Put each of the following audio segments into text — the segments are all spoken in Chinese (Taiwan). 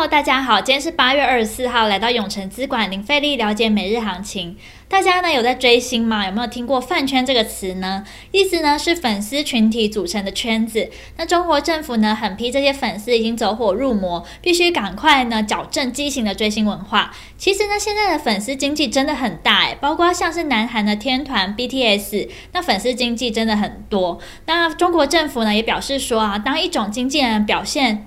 哈囉大家好，今天是八月二十四號，來到永城資管零費力了解每日行情。大家呢有在追星嗎？有沒有聽過飯圈這個詞呢？意思呢是粉絲群體組成的圈子。那中國政府呢狠批這些粉絲已經走火入魔，必須趕快呢矯正畸形的追星文化。其實呢，現在的粉絲經濟真的很大誒、欸，包括像是南韓的天團 BTS，那粉絲經濟真的很多。那中國政府呢也表示說啊，當一種經紀人表現。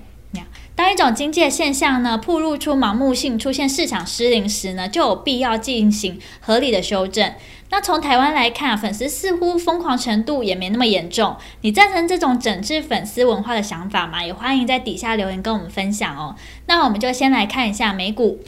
當一種經濟的現象呢，曝露出盲目性，出現市場失靈時呢，就有必要進行合理的修正。那從台灣來看、啊，粉絲似乎瘋狂程度也沒那麼嚴重。你贊成這種整治粉絲文化的想法嗎？也歡迎在底下留言跟我們分享哦。那我們就先來看一下美股，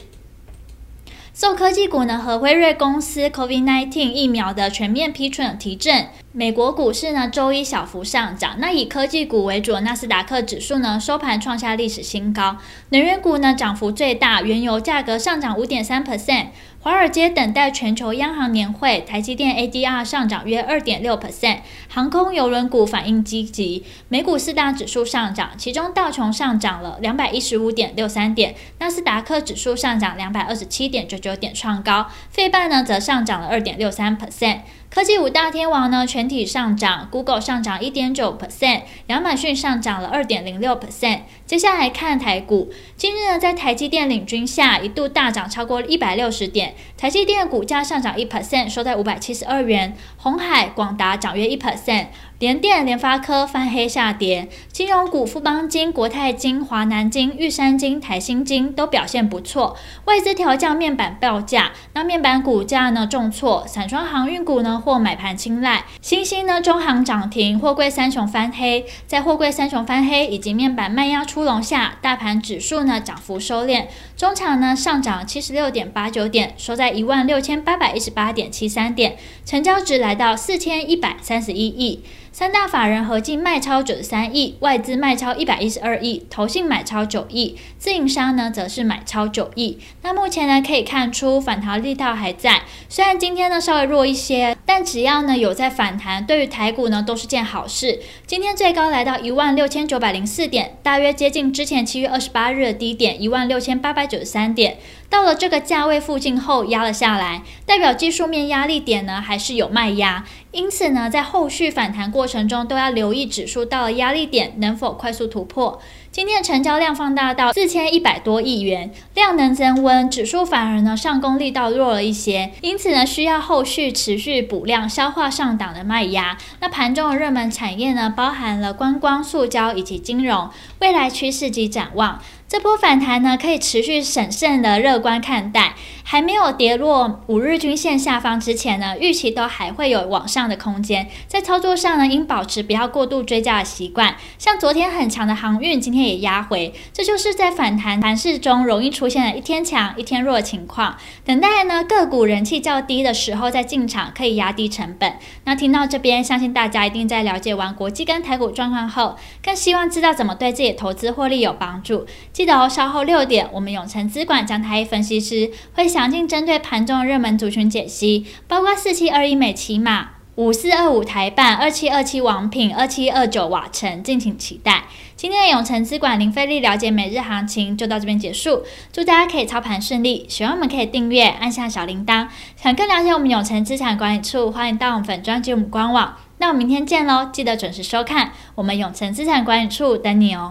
受、so, 科技股呢和輝瑞公司 COVID-19 疫苗的全面批准提振。美國股市呢，周一小幅上漲。那以科技股為主的納斯達克指數呢，收盤創下歷史新高。能源股呢，漲幅最大，原油價格上漲五點三 percent。華爾街等待全球央行年會，台積電 ADR 上漲約二點六 percent。航空郵輪股反應積極，美股四大指數上漲，其中道瓊上漲了兩百一十五點六三點，納斯達克指數上漲兩百二十七點九九點創高，費半呢則上漲了二點六三 percent。科技五大天王呢，全體上漲，Google 上漲一點九 percent，亞馬遜上漲了二點零六 percent。接下來看台股，今日呢在台積電領軍下，一度大漲超過一百六十點，台積電股價上漲一 percent，收在五百七十二元，鴻海、廣達漲約一 percent。聯電、聯發科翻黑下跌，金融股富邦金、國泰金、華南金、玉山金、台新金都表現不錯，外資調降面板報價，那面板股價呢重挫，散裝航運股呢獲買盤青睞，新興呢中航漲停，貨櫃三雄翻黑，在貨櫃三雄翻黑以及面板賣壓出籠下，大盤指數呢漲幅收斂，終場呢上漲七十六點八九點，收在一萬六千八百一十八點七三點，成交值來到四千一百三十一億。三大法人合計賣超九十三億，外資賣超一百一十二億，投信買超九億，自營商呢則是買超九億。那目前呢，可以看出反彈力道還在，雖然今天呢稍微弱一些，但只要呢有在反彈，對於台股呢都是件好事。今天最高來到一萬六千九百零四點，大約接近之前七月二十八日的低點一萬六千八百九十三點。到了這個價位附近後壓了下來，代表技術面壓力點呢還是有賣壓，因此呢在後續反彈過程中都要留意指數到了壓力點能否快速突破。今天的成交量放大到四千一百多億元，量能增溫，指數反而呢上攻力道弱了一些，因此呢需要後續持續補量消化上檔的賣壓。那盤中的熱門產業呢包含了觀光、塑膠以及金融，未來趨勢及展望。這波反彈呢，可以持續審慎的樂觀看待，還沒有跌落五日均線下方之前呢，預期都還會有往上的空間。在操作上呢，應保持不要過度追加的習慣。像昨天很強的航運，今天也壓回，這就是在反彈盤勢中容易出現的一天強，一天弱的情況。等待呢，個股人氣較低的時候再進場，可以壓低成本。那聽到這邊，相信大家一定在了解完國際跟台股狀況後，更希望知道怎麼對自己的投資獲利有幫助。記得哦，稍後六點，我們永成資管張台一分析師會詳盡針對盤中的熱門族群解析，包括四七二一美琪瑪、五四二五台半、二七二七王品、二七二九瓦城，敬請期待。今天的永成資管零費力了解每日行情就到這邊結束，祝大家可以操盤順利。喜歡我們可以訂閱，按下小鈴鐺。想更了解我們永成資產管理處，歡迎到我們粉專及我們官網。那我們明天見嘍，記得準時收看我們永成資產管理處等你哦。